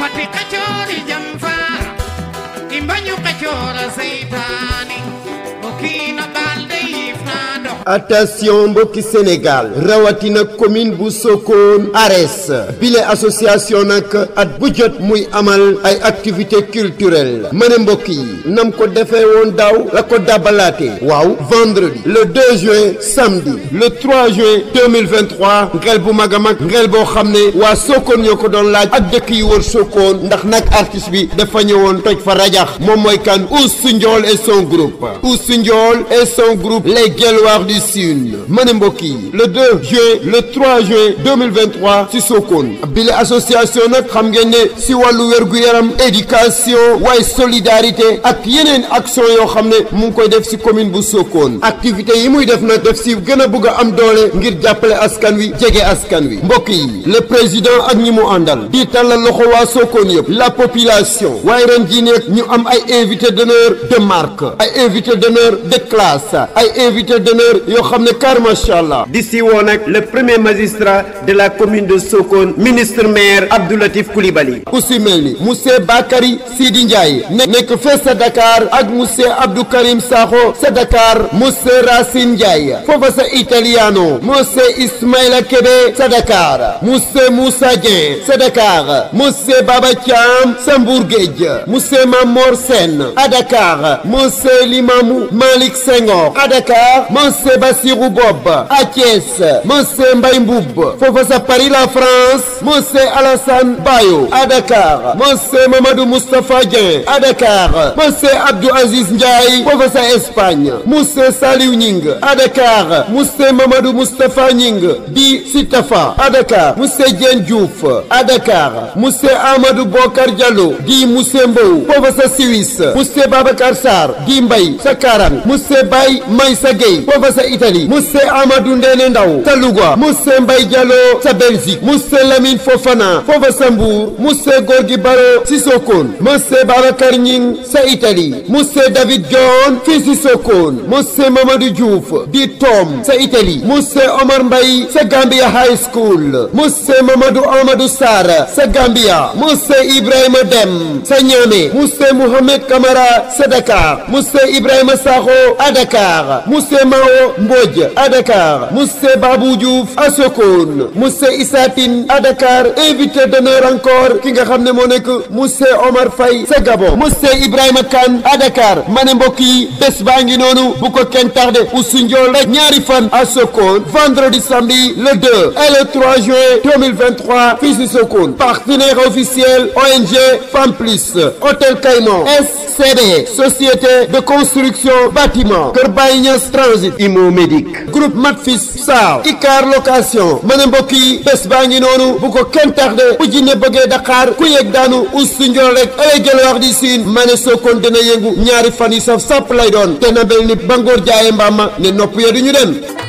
fati kacoori jamfa i mbañu kacoora seytaani o kiino baa attention mbokki Sénégal rawatina commune bu Ares bile association nak, at budget jot muy amal ay activité culturelle ma ne nam ko won daw, la ko dabalaate vendredi le 2 juin samedi le 3 juin 2023 Ngelbo Magamak, Ngelbo a wa ngel boo xam ne waa Sokone ñoo ko doon laaj ak dëkk wër Sokone ndax artiste bi kan et son groupe ou et son groupe les Guelwaars du ci siin ma le 2 juin le 3 juin 2023 si Sokone bile association nag xam ngeen ne si Walu wér yaram éducation waaye solidarité ak yenen action yo xamne ne mu koy def ci commune bu Sokone activité yi muy def na def ci gëna bëgg a am doole ngir jappalé askan wi jege askan wi mbokk yi le président ak ñi mu àndal di la loxo wa Sokone yëpp la population way ren ji nekk ñu am ay invité d'honneur de marque ay invité d'honneur de classe ay invité d'honneur yoo Masha'allah. D'ici allah. le premier magistrat de la commune de Sokon, ministre maire Abdoulatif Latif Koulibaly. si Bakari Bakary Sidi Ndiaye Nek fee Dakar ak monsieur Abdou Karim Sakho Dakar Racine Ndiaye italiano Moussé Ismaïla Kebe, Sadakar, Dakar Moussa Dieng sa Dakar monsieur Baba Thiam sa Mamor Sen, à Dakar Limamou Malik Senghor à Dakar lycée Bassirou Bob à Thiès monsieur Mbaye Mboub foofa sa Paris la France monsieur Alassane Bayo à Dakar monsieur Mamadou Moustapha Dieng à Dakar Aziz Ndiaye foofa sa Espagne monsieur Saliou Ning à Dakar monsieur Mamadou Moustapha Ning Sitafa à Dakar monsieur Dieng Diouf à Dakar Bokar Diallo di monsieur Mbow foofa sa Suisse monsieur Babacar Sarr di Mbaye sa Karang monsieur Baye Maysa Gueye foofa ca Italie monsieur Amadou Ndene Ndaw ca Louga monsieur Mbaye Diallo ca Belgique monsieur Lamine Fofana foofa sa Mbour monsieur Gorgui Baro ci Sokone monsieur Babacar Ñing ca Italie monsieur David John fii ci Sokone monsieur Mamadou Diouf di Tom ca Italie monsieur Omar Mbaye ca Gambia High School monsieur Mamadou Amadou Sarr ca Gambia monsieur Ibrahima Dem ca Niamey monsieur Mohamed Camara ca Dakar monsieur Ibrahima Sakho à Dakar monsieur Mao Mbodj à Dakar Moussé Babou Diouf à Sokoun Moussé Issatine à Dakar invité d'honneur encore Kinga nga xamné Mousse Omar Faye Segabo, Gabon Ibrahim Khan, Kane à Dakar Mané Mbokki mbokk baangi bés à vendredi samedi le 2 et le 3 juillet 2023 Fils de partenaire officiel ONG Femme Plus Hôtel Caïman SCD société de construction bâtiment Kerbaïnias Transit, Techno Médic groupe Matfis Saaw Iccar location ma ne mbokk yi bés baa ngi noonu bu ko kenn tardé bu jinne bëggee Dakar ku yëg daanu ustu njool rek alay jël wax di siin ma ne Sokone dina yëngu ñaari fan yi saf sàpp lay doon te na mel ni bangoor jaaye mbaam ma ne nopp ya du dem